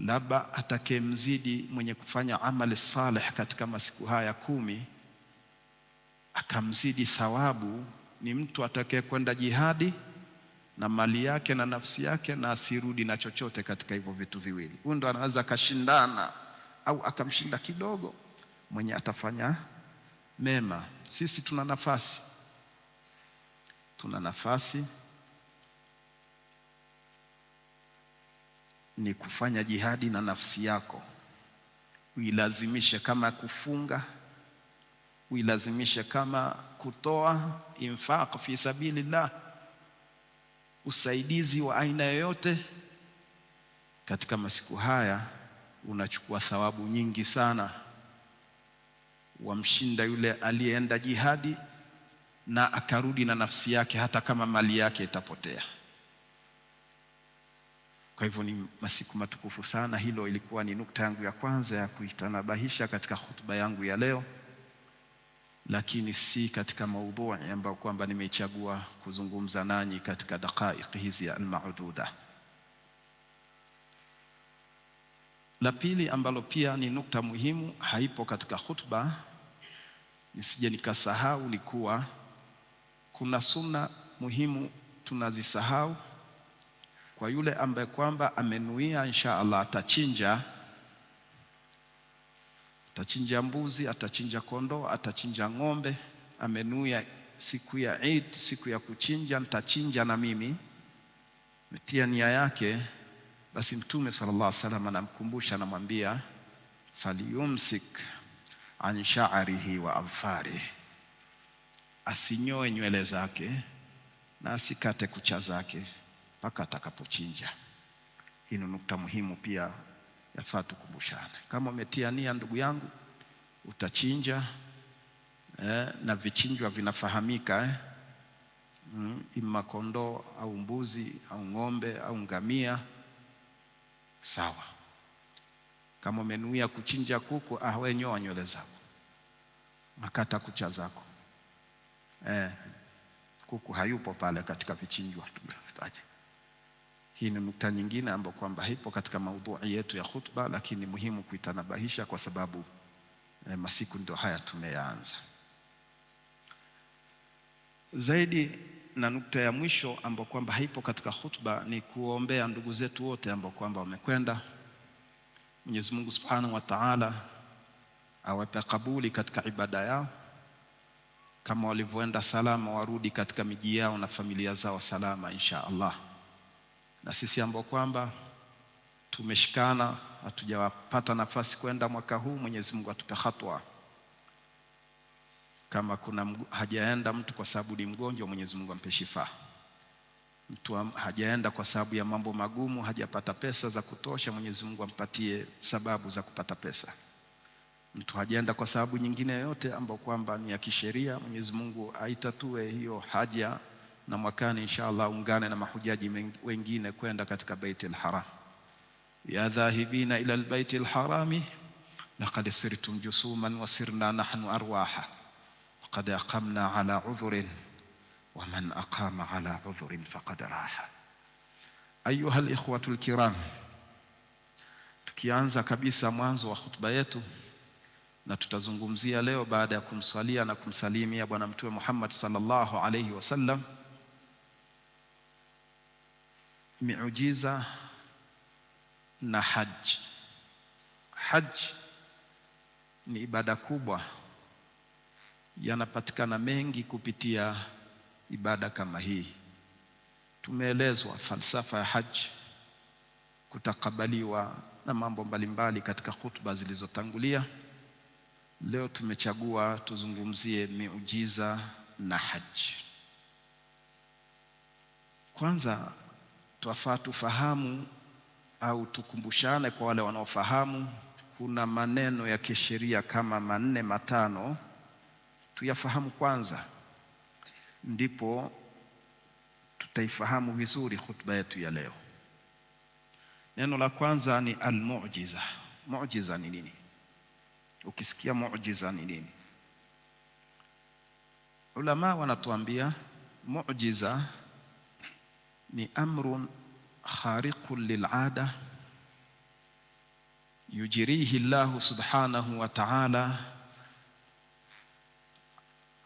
labda atakayemzidi mwenye kufanya amali saleh katika masiku haya kumi akamzidi thawabu ni mtu atakayekwenda jihadi na mali yake na nafsi yake, na asirudi na chochote katika hivyo vitu viwili. Huyu ndo anaweza akashindana au akamshinda kidogo mwenye atafanya mema. Sisi tuna nafasi, tuna nafasi ni kufanya jihadi na nafsi yako, uilazimishe kama kufunga, uilazimishe kama kutoa infaq fi sabilillah, usaidizi wa aina yoyote. Katika masiku haya unachukua thawabu nyingi sana, wamshinda yule aliyeenda jihadi na akarudi na nafsi yake, hata kama mali yake itapotea. Kwa hivyo ni masiku matukufu sana. Hilo ilikuwa ni nukta yangu ya kwanza ya kuitanabahisha katika hotuba yangu ya leo, lakini si katika maudhui ambayo kwamba nimechagua kuzungumza nanyi katika dakika hizi almaududa La pili ambalo pia ni nukta muhimu, haipo katika hotuba, nisije nikasahau, ni kuwa kuna sunna muhimu tunazisahau kwa yule ambaye kwamba amenuia insha Allah atachinja atachinja mbuzi, atachinja kondoo, atachinja ng'ombe. Amenuia siku ya Eid, siku ya kuchinja, nitachinja na mimi, metia nia yake. Basi Mtume sallallahu alaihi wasallam anamkumbusha, anamwambia falyumsik an sha'rihi wa adfari, asinyoe nywele zake na asikate kucha zake mpaka atakapochinja. Hii ni nukta muhimu pia yafaa tukumbushane. Kama umetia nia, ndugu yangu, utachinja eh, na vichinjwa vinafahamika eh, mm, ima kondoo au mbuzi au ng'ombe au ngamia, sawa. Kama umenuia kuchinja kuku, ah, wewe nyoa nywele zako, nakata kucha zako eh, kuku hayupo pale katika vichinjwa hii ni nukta nyingine ambayo kwamba haipo katika maudhui yetu ya khutba, lakini ni muhimu kuitanabahisha kwa sababu eh, masiku ndio haya tumeyaanza. Zaidi na nukta ya mwisho ambayo kwamba haipo katika khutba ni kuombea ndugu zetu wote ambao kwamba wamekwenda. Mwenyezi Mungu Subhanahu wa Ta'ala awape kabuli katika ibada yao, kama walivyoenda salama warudi katika miji yao na familia zao salama insha Allah na sisi ambao kwamba tumeshikana hatujawapata nafasi kwenda mwaka huu, Mwenyezi Mungu atupe hatwa. Kama kuna mgu, hajaenda mtu kwa sababu ni mgonjwa, Mwenyezi Mungu ampe shifa. Mtu hajaenda kwa sababu ya mambo magumu, hajapata pesa za kutosha, Mwenyezi Mungu ampatie sababu za kupata pesa. Mtu hajaenda kwa sababu nyingine yoyote ambayo kwamba ni ya kisheria, Mwenyezi Mungu aitatue hiyo haja na mwakani inshallah ungane na mahujaji wengine kwenda katika Baitul Haram. ya dhahibina ila lbaitil harami laqad sirtum jusuman wa sirna nahnu arwaha waqad aqamna ala udhurin man aqama ala udhurin faqad raha. Ayuha alikhwatu alkiram, tukianza kabisa mwanzo wa khutba yetu na tutazungumzia leo baada ya kumswalia na kumsalimia Bwana Mtume Muhammad sallallahu alayhi wasallam miujiza na haji. Haji ni ibada kubwa, yanapatikana mengi kupitia ibada kama hii. Tumeelezwa falsafa ya haji, kutakabaliwa na mambo mbalimbali katika hutuba zilizotangulia. Leo tumechagua tuzungumzie miujiza na haji. Kwanza twafaa tufahamu au tukumbushane kwa wale wanaofahamu, kuna maneno ya kisheria kama manne matano, tuyafahamu kwanza, ndipo tutaifahamu vizuri khutba yetu ya leo. Neno la kwanza ni almujiza. Mujiza ni nini? Ukisikia mujiza ni nini? Ulama wanatuambia mujiza ni amrun khariqun lilada yujirihi llahu subhanahu wa ta'ala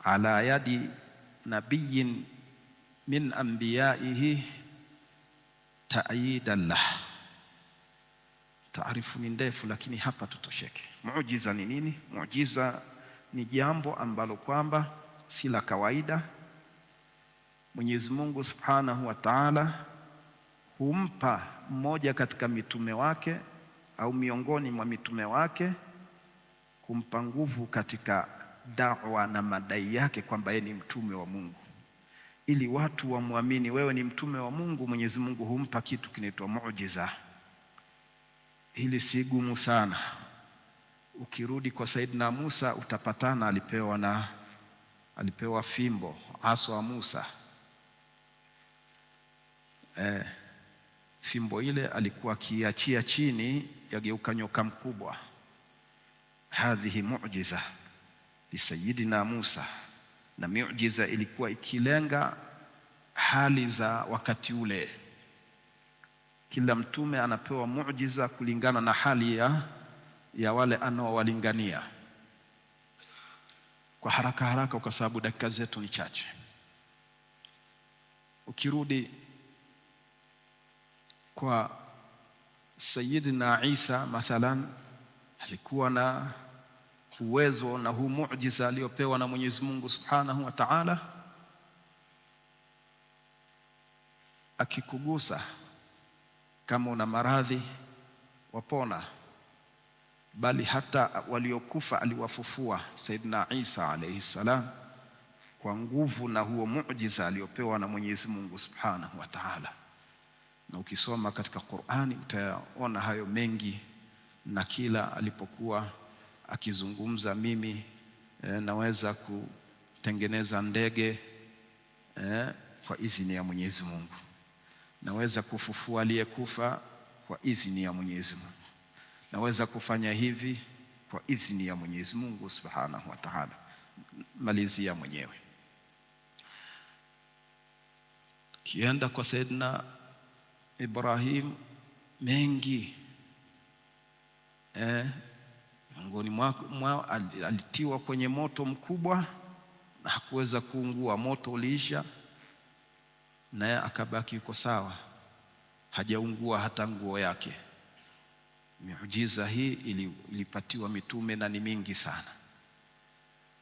ala yadi nabiyin min anbiyaihi taayidan lah. Taarifu ni ndefu, lakini hapa tutosheke. Muujiza ni nini? Muujiza ni jambo ambalo kwamba si la kawaida Mwenyezi Mungu Subhanahu wa Ta'ala humpa mmoja katika mitume wake au miongoni mwa mitume wake kumpa nguvu katika da'wa na madai yake kwamba yeye ni mtume wa Mungu, ili watu wamwamini wewe ni mtume wa Mungu. Mwenyezi Mungu humpa kitu kinaitwa muujiza. Hili si gumu sana. Ukirudi kwa Saidina Musa utapatana, alipewa na alipewa fimbo aswa Musa eh, fimbo ile alikuwa akiachia chini, yageuka nyoka mkubwa. Hadhihi mujiza lisayidina Musa, na miujiza ilikuwa ikilenga hali za wakati ule. Kila mtume anapewa mujiza kulingana na hali ya, ya wale anaowalingania. Kwa haraka haraka, kwa sababu dakika zetu ni chache, ukirudi kwa Sayyidina Isa mathalan alikuwa na uwezo na huu muujiza aliyopewa na Mwenyezi Mungu Subhanahu wa Ta'ala, akikugusa kama una maradhi wapona, bali hata waliokufa aliwafufua Sayyidina Isa alayhi salam kwa nguvu na huo muujiza aliyopewa na Mwenyezi Mungu Subhanahu wa Ta'ala na ukisoma katika Qur'ani utaona hayo mengi, na kila alipokuwa akizungumza mimi e, naweza kutengeneza ndege e, kwa idhini ya Mwenyezi Mungu, naweza kufufua aliyekufa kwa idhini ya Mwenyezi Mungu, naweza kufanya hivi kwa idhini ya Mwenyezi Mungu Subhanahu wa Ta'ala. Malizia mwenyewe kienda kwa Saidna Ibrahim mengi eh, miongoni mwao alitiwa kwenye moto mkubwa na hakuweza kuungua, moto uliisha, naye akabaki yuko sawa, hajaungua hata nguo yake. Miujiza hii ilipatiwa mitume na ni mingi sana.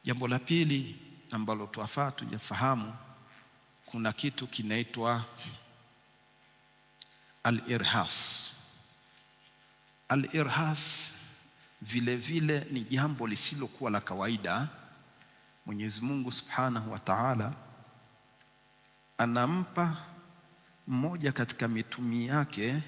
Jambo la pili ambalo twafaa tujafahamu, kuna kitu kinaitwa al-irhas. Al-irhas vile vile ni jambo lisilokuwa la kawaida. Mwenyezi Mungu Subhanahu wa Ta'ala anampa mmoja katika mitumi yake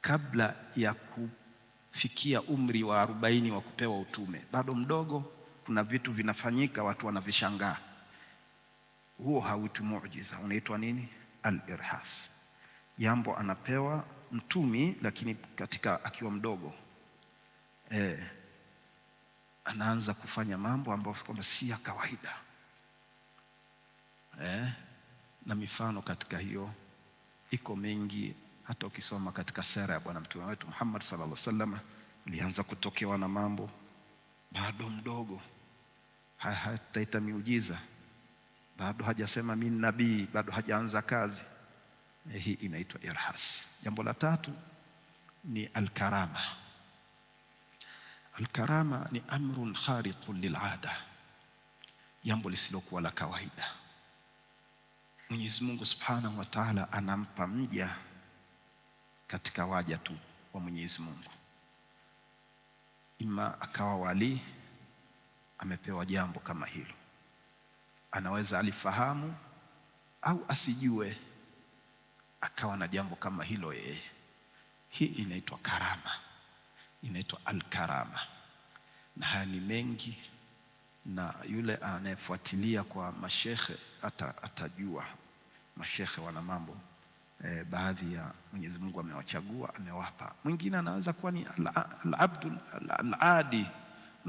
kabla ya kufikia umri wa arobaini wa kupewa utume, bado mdogo. Kuna vitu vinafanyika watu wanavishangaa. Huo hauitwi muujiza, unaitwa nini? Al-irhas jambo anapewa mtumi, lakini katika akiwa mdogo e, anaanza kufanya mambo ambayo kwamba si ya kawaida e, na mifano katika hiyo iko mingi. Hata ukisoma katika sera ya Bwana Mtume wetu Muhammad sallallahu alaihi wasallam, ulianza kutokewa na mambo bado mdogo, hataita miujiza bado hajasema mimi nabii, bado hajaanza kazi Eh, hii inaitwa irhas. Jambo la tatu ni alkarama. Alkarama ni amrun khariqun lilada, jambo lisilokuwa la kawaida. Mwenyezi Mungu Subhanahu wa Ta'ala anampa mja katika waja tu wa Mwenyezi Mungu, ima akawa wali amepewa jambo kama hilo, anaweza alifahamu au asijue akawa na jambo kama hilo yeye. Hii inaitwa karama, inaitwa alkarama, na haya ni mengi, na yule anayefuatilia kwa mashekhe ata, atajua mashekhe wana mambo e, baadhi ya Mwenyezi Mungu amewachagua amewapa. Mwingine anaweza kuwa ni alabdu aladi al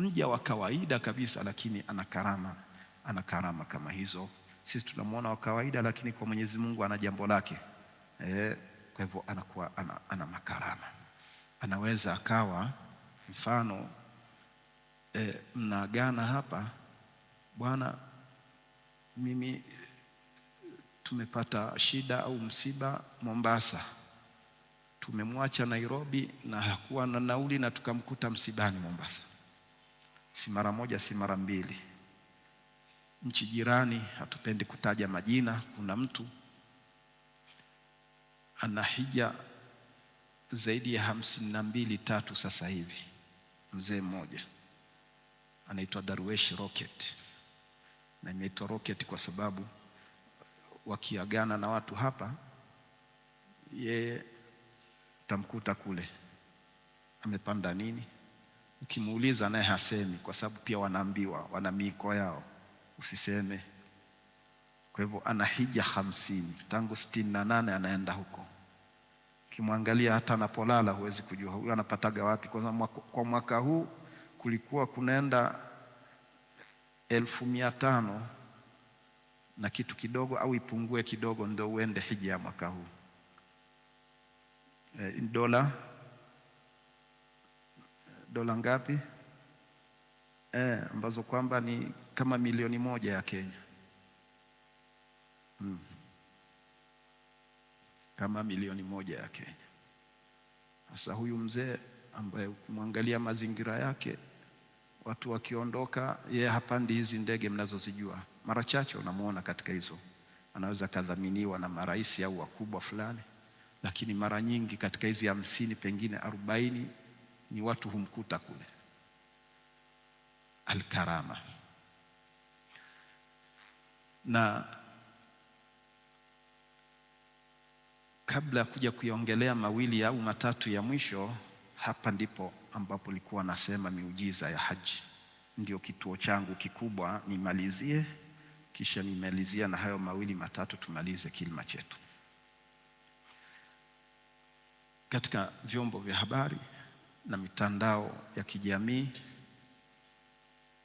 mja wa kawaida kabisa, lakini ana karama, ana karama kama hizo. Sisi tunamwona wa kawaida, lakini kwa Mwenyezi Mungu ana jambo lake eh, kwa hivyo anakuwa ana, ana makarama. Anaweza akawa mfano eh, mnaagana hapa, bwana, mimi tumepata shida au msiba Mombasa, tumemwacha Nairobi na hakuwa na nauli na tukamkuta msibani Mombasa. Si mara moja, si mara mbili. Nchi jirani, hatupendi kutaja majina, kuna mtu ana hija zaidi ya hamsini na mbili tatu sasa hivi. Mzee mmoja anaitwa Darwesh Rocket, na imeitwa Rocket kwa sababu wakiagana na watu hapa, yeye tamkuta kule amepanda nini, ukimuuliza naye hasemi, kwa sababu pia wanaambiwa, wana miiko yao, usiseme kwa hivyo ana hija hamsini tangu sitini na nane anaenda huko. Ukimwangalia hata anapolala huwezi kujua huyu anapataga wapi. Kwa mwaka, kwa mwaka huu kulikuwa kunaenda elfu mia tano na kitu kidogo au ipungue kidogo, ndio uende hija ya mwaka huu e, dola dola ngapi e, ambazo kwamba ni kama milioni moja ya Kenya hmm. kama milioni moja ya Kenya. Sasa huyu mzee ambaye ukimwangalia mazingira yake, watu wakiondoka, yeye hapandi hizi ndege mnazozijua. Mara chache unamwona katika hizo, anaweza akadhaminiwa na marais au wakubwa fulani, lakini mara nyingi katika hizi hamsini pengine arobaini ni watu humkuta kule Alkarama na kabla ya kuja kuyaongelea mawili au matatu ya mwisho, hapa ndipo ambapo nilikuwa nasema miujiza ya haji ndio kituo changu kikubwa, nimalizie kisha nimalizia na hayo mawili matatu, tumalize kilima chetu. Katika vyombo vya habari na mitandao ya kijamii,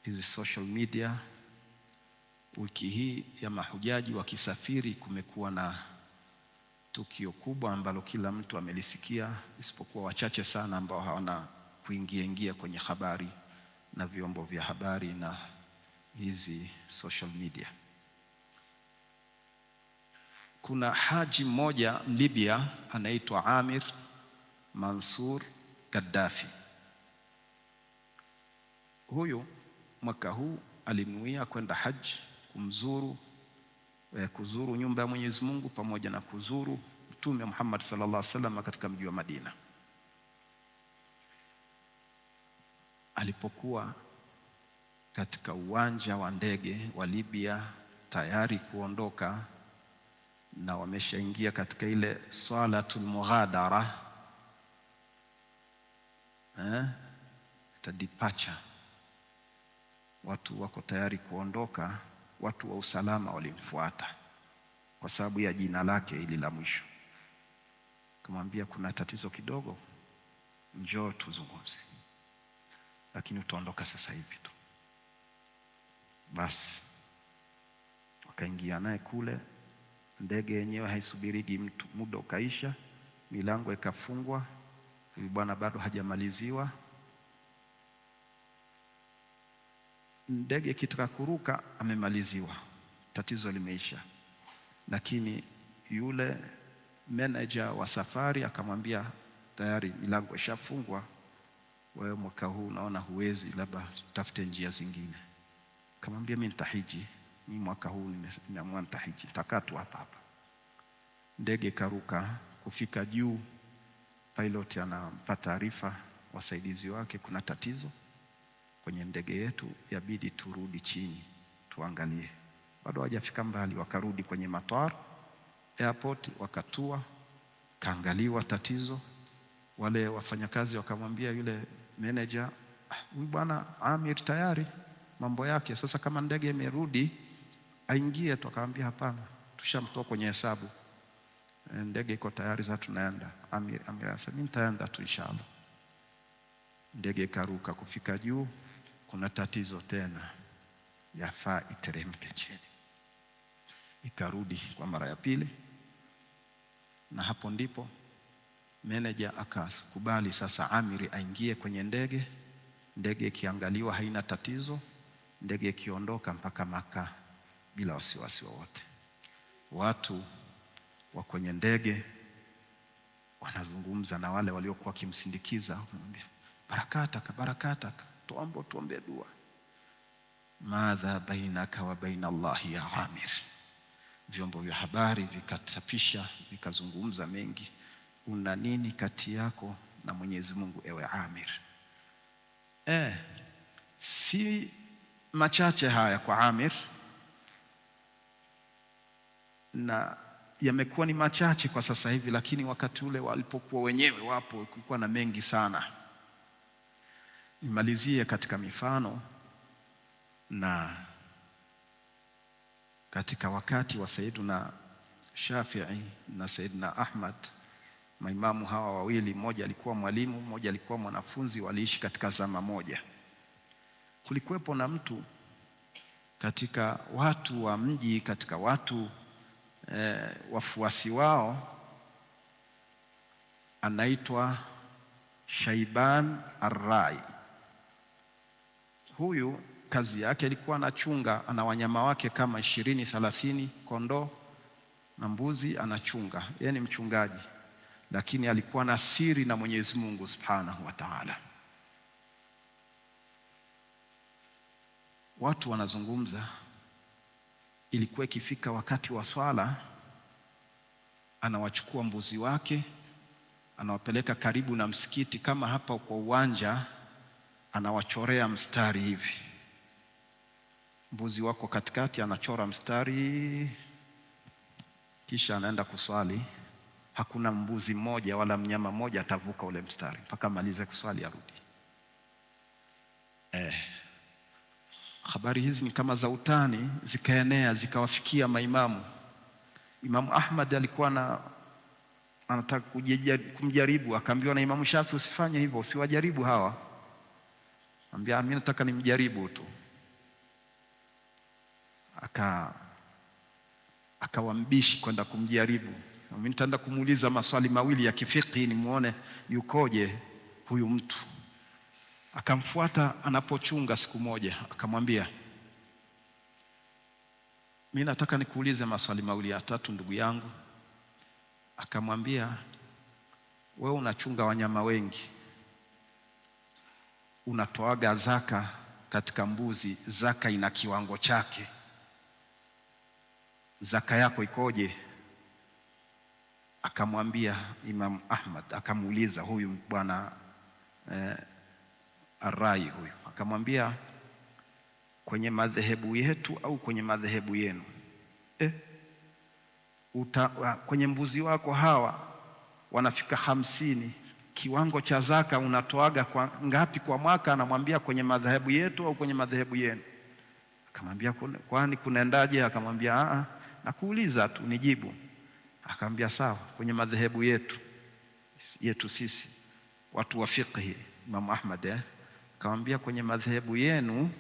hizi social media, wiki hii ya mahujaji wakisafiri, kumekuwa na tukio kubwa ambalo kila mtu amelisikia isipokuwa wachache sana ambao hawana kuingia ingia kwenye habari na vyombo vya habari na hizi social media. Kuna haji mmoja Libya anaitwa Amir Mansur Gaddafi. Huyu mwaka huu alinuia kwenda haji kumzuru Eh, kuzuru nyumba ya Mwenyezi Mungu pamoja na kuzuru Mtume Muhammad sallallahu alaihi wasallam katika mji wa Madina. Alipokuwa katika uwanja wa ndege wa Libya tayari kuondoka na wameshaingia katika ile salatul mughadara eh, ta departure, watu wako tayari kuondoka watu wa usalama walimfuata kwa sababu ya jina lake hili la mwisho. Kamwambia kuna tatizo kidogo, njoo tuzungumze, lakini utaondoka sasa hivi tu. Basi wakaingia naye kule. Ndege yenyewe haisubirigi mtu, muda ukaisha, milango ikafungwa, huyu bwana bado hajamaliziwa ndege kitaka kuruka amemaliziwa, tatizo limeisha. Lakini yule meneja wa safari akamwambia, tayari milango ishafungwa, wewe mwaka huu unaona huwezi, labda tafute njia zingine. Kamwambia, mimi nitahiji, mimi mwaka huu nimeamua nitahiji, nitakaa tu hapa hapa. Ndege karuka, kufika juu, pilot anampa taarifa wasaidizi wake, kuna tatizo kwenye ndege yetu, yabidi turudi chini tuangalie. Bado hawajafika mbali, wakarudi kwenye matwar airport, wakatua, kaangaliwa tatizo. Wale wafanyakazi wakamwambia yule manager, ah, huyu bwana Amir tayari mambo yake sasa, kama ndege imerudi aingie tu. Akamwambia hapana, tushamtoa kwenye hesabu, e, ndege iko tayari, sasa tunaenda. Amir, Amir anasema mimi nitaenda tu inshallah. Ndege ikaruka kufika juu kuna tatizo tena, yafaa iteremke chini. Ikarudi kwa mara ya pili, na hapo ndipo meneja akakubali sasa amiri aingie kwenye ndege. Ndege ikiangaliwa haina tatizo, ndege ikiondoka mpaka Maka bila wasiwasi wowote. Watu wa kwenye ndege wanazungumza na wale waliokuwa wakimsindikiza, wanamwambia barakataka, barakataka tuombe tuombe dua madha bainaka wa baina Allahi ya amir. Vyombo vya habari vikatapisha vikazungumza mengi, una nini kati yako na Mwenyezi Mungu ewe amir? Eh, si machache haya kwa amir, na yamekuwa ni machache kwa sasa hivi, lakini wakati ule walipokuwa wenyewe wapo kulikuwa na mengi sana. Nimalizie katika mifano na katika wakati wa Saidina Shafi'i na Saidina Ahmad, maimamu hawa wawili, mmoja alikuwa mwalimu, mmoja alikuwa mwanafunzi, waliishi katika zama moja. Kulikuwepo na mtu katika watu wa mji, katika watu eh, wafuasi wao, anaitwa Shaiban Arrai Huyu kazi yake alikuwa anachunga, ana wanyama wake kama ishirini thelathini, kondoo na mbuzi, anachunga. Yeye ni mchungaji, lakini alikuwa na siri na Mwenyezi Mungu Subhanahu wa Ta'ala. Watu wanazungumza, ilikuwa ikifika wakati wa swala, anawachukua mbuzi wake anawapeleka karibu na msikiti, kama hapa kwa uwanja anawachorea mstari hivi, mbuzi wako katikati, anachora mstari, kisha anaenda kuswali. Hakuna mbuzi mmoja wala mnyama mmoja atavuka ule mstari mpaka amalize kuswali arudi. Eh, habari hizi ni kama za utani, zikaenea zikawafikia maimamu. Imamu Ahmad alikuwa na anataka kumjaribu, akaambiwa na Imamu Shafi, usifanye hivyo, usiwajaribu hawa Ambia mimi nataka nimjaribu tu, aka akawambishi kwenda kumjaribu. Mimi nitaenda kumuuliza maswali mawili ya kifiki nimwone yukoje huyu mtu. Akamfuata anapochunga siku moja, akamwambia mimi nataka nikuulize maswali mawili ya tatu, ndugu yangu. Akamwambia wewe unachunga wanyama wengi unatoaga zaka katika mbuzi, zaka ina kiwango chake. Zaka yako ikoje? Akamwambia Imam Ahmad, akamuuliza huyu bwana eh, Arai huyu akamwambia, kwenye madhehebu yetu au kwenye madhehebu yenu eh, uta, kwenye mbuzi wako hawa wanafika hamsini kiwango cha zaka unatoaga kwa ngapi kwa mwaka? Anamwambia kwenye madhehebu yetu au kwenye madhehebu yenu? Akamwambia kwani kunaendaje? Akamwambia a, nakuuliza tu nijibu. Akamwambia sawa, kwenye madhehebu yetu yetu sisi watu wa fiqh, Imam Ahmad eh? Akamwambia kwenye madhehebu yenu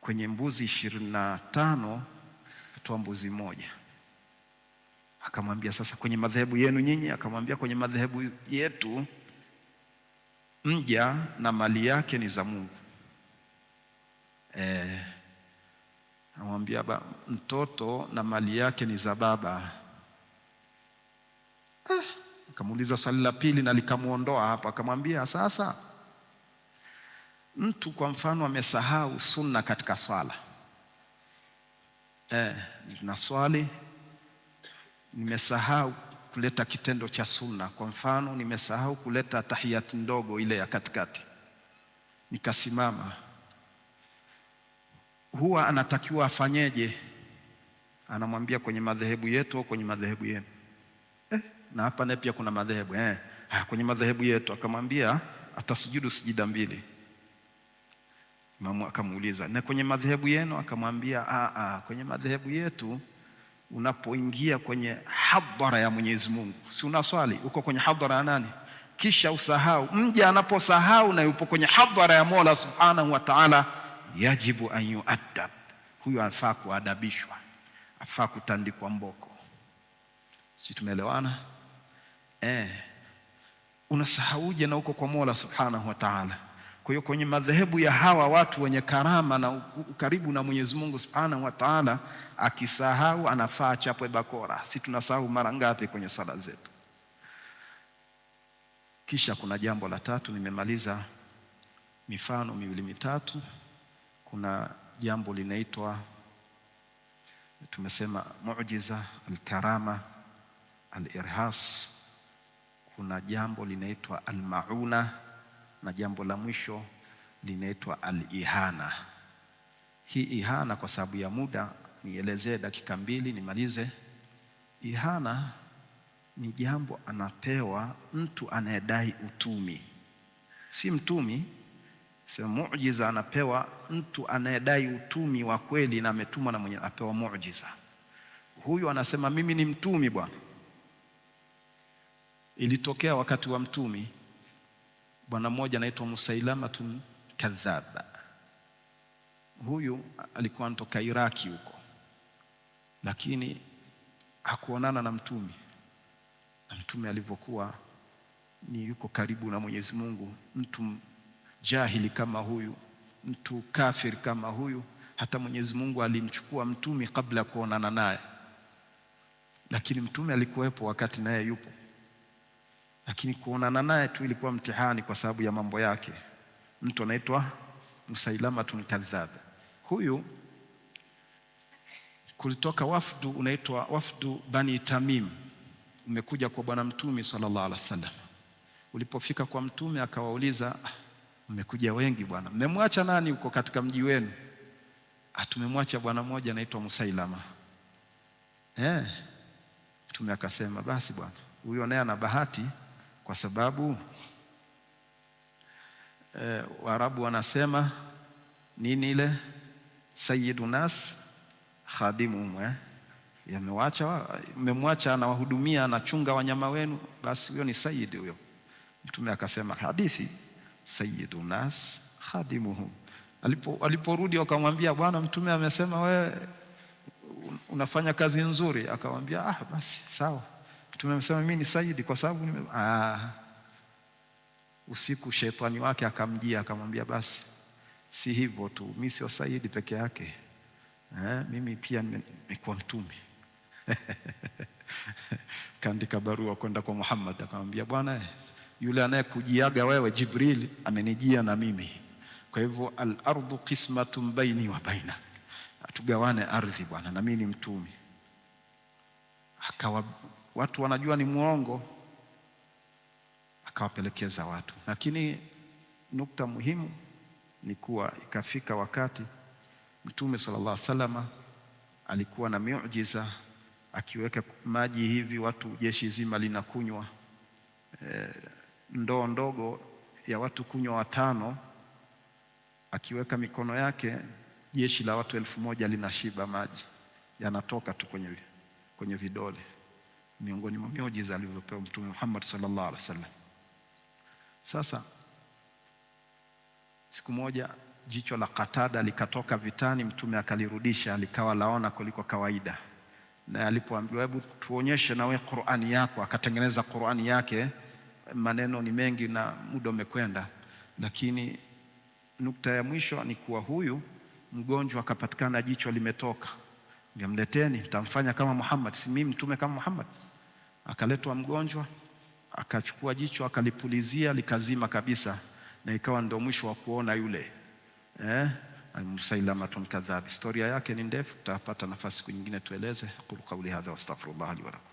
kwenye mbuzi ishirini na tano atoa mbuzi moja Akamwambia sasa, kwenye madhehebu yenu nyinyi? Akamwambia kwenye madhehebu yetu mja na mali yake ni za Mungu. E, amwambia mtoto na mali yake ni za baba. Eh, akamuuliza swali la pili na likamwondoa hapa. Akamwambia sasa, mtu kwa mfano amesahau sunna katika swala eh, na swali nimesahau kuleta kitendo cha sunna. Kwa mfano, nimesahau kuleta tahiyati ndogo ile ya katikati, nikasimama, huwa anatakiwa afanyeje? Anamwambia kwenye madhehebu yetu au kwenye madhehebu yenu? Eh, na hapa naye pia kuna madhehebu eh, kwenye madhehebu yetu. Akamwambia atasujudu sijida mbili. Imamu akamuuliza na kwenye madhehebu yenu? Akamwambia a a, kwenye madhehebu yetu unapoingia kwenye hadhara ya Mwenyezi Mungu, si unaswali uko kwenye hadhara ya nani? Kisha usahau. Mja anaposahau na yupo kwenye hadhara ya Mola Subhanahu wa Ta'ala, yajibu an yuadab, huyo afaa kuadabishwa, afaa kutandikwa mboko. Si tumeelewana eh? Unasahauje na uko kwa Mola Subhanahu wa Ta'ala? Kwa hiyo kwenye madhehebu ya hawa watu wenye karama na karibu na Mwenyezi Mungu Subhanahu wa Ta'ala, akisahau anafaa achapwe bakora. Si tunasahau mara ngapi kwenye sala zetu? Kisha kuna jambo la tatu, nimemaliza mifano miwili mitatu. Kuna jambo linaitwa tumesema muujiza, alkarama, alirhas. Kuna jambo linaitwa almauna na jambo la mwisho linaitwa al-ihana. Hii ihana, kwa sababu ya muda, nielezee dakika mbili nimalize. Ihana ni jambo anapewa mtu anayedai utumi, si mtumi. Sema muujiza anapewa mtu anayedai utumi wa kweli, na ametumwa na mwenye, apewa muujiza. Huyu anasema mimi ni mtumi bwana, ilitokea wakati wa mtumi bwana mmoja anaitwa Musailamatun Kadhaba. Huyu alikuwa anatoka Iraki huko, lakini hakuonana na mtume na mtume alivyokuwa ni yuko karibu na Mwenyezi Mungu, mtu jahili kama huyu, mtu kafir kama huyu, hata Mwenyezi Mungu alimchukua mtume kabla ya kuonana naye, lakini mtume alikuwepo wakati naye yupo lakini kuonana naye tu ilikuwa mtihani kwa sababu ya mambo yake. Mtu anaitwa Musailamatun Kadhab. Huyu kulitoka wafdu unaitwa wafdu Bani Tamim, umekuja kwa Bwana Mtume sallallahu alaihi wasallam. Ulipofika kwa Mtume akawauliza, mmekuja wengi bwana, mmemwacha nani huko katika mji wenu? Ah, tumemwacha bwana mmoja anaitwa Musailama. Eh, Mtume akasema basi bwana, huyo naye ana bahati kwa sababu e, Waarabu wanasema nini ile sayyidu nas khadimuhum eh? Yamemwacha, mmemwacha anawahudumia, anachunga wanyama wenu, basi huyo ni sayidi huyo. Mtume akasema hadithi sayyidu nas khadimuhum. Aliporudi wakamwambia, bwana Mtume amesema wewe unafanya kazi nzuri. Akamwambia ah, basi sawa. Tumemsema mimi ni Saidi kwa sababu nime... Ah. usiku shetani wake akamjia akamwambia, basi si hivyo tu, mimi sio Saidi peke yake eh, mimi pia nimekuwa mtume kaandika barua kwenda kwa Muhammad akamwambia, bwana yule anayekujiaga wewe Jibril amenijia na mimi, kwa hivyo al ardu qismatun baini wa baina, tugawane ardhi bwana, na mimi ni mtume akawa watu wanajua ni mwongo, akawapelekeza watu. Lakini nukta muhimu ni kuwa ikafika wakati Mtume sallallahu alaihi wasallam alikuwa na miujiza, akiweka maji hivi watu jeshi zima linakunywa, e, ndoo ndogo ya watu kunywa watano, akiweka mikono yake jeshi la watu elfu moja linashiba maji yanatoka tu kwenye, kwenye vidole miongoni mwa miujiza alivyopewa Mtume Muhammad sallallahu alaihi wasallam. Sasa siku moja jicho la Katada likatoka vitani, Mtume akalirudisha likawa laona kuliko kawaida, na alipoambiwa hebu tuonyeshe nawe Qur'ani yako, akatengeneza Qur'ani yake. Maneno ni mengi na muda umekwenda, lakini nukta ya mwisho ni kuwa huyu mgonjwa akapatikana jicho limetoka, mleteni tamfanya kama Muhammad, si mimi mtume kama Muhammad. Akaletwa mgonjwa, akachukua jicho akalipulizia, likazima kabisa, na ikawa ndo mwisho wa kuona yule eh? Musailamatul kadhab. Historia yake ni ndefu, tutapata nafasi nyingine tueleze. Qul qawli hadha wastaghfirullah li wa lakum.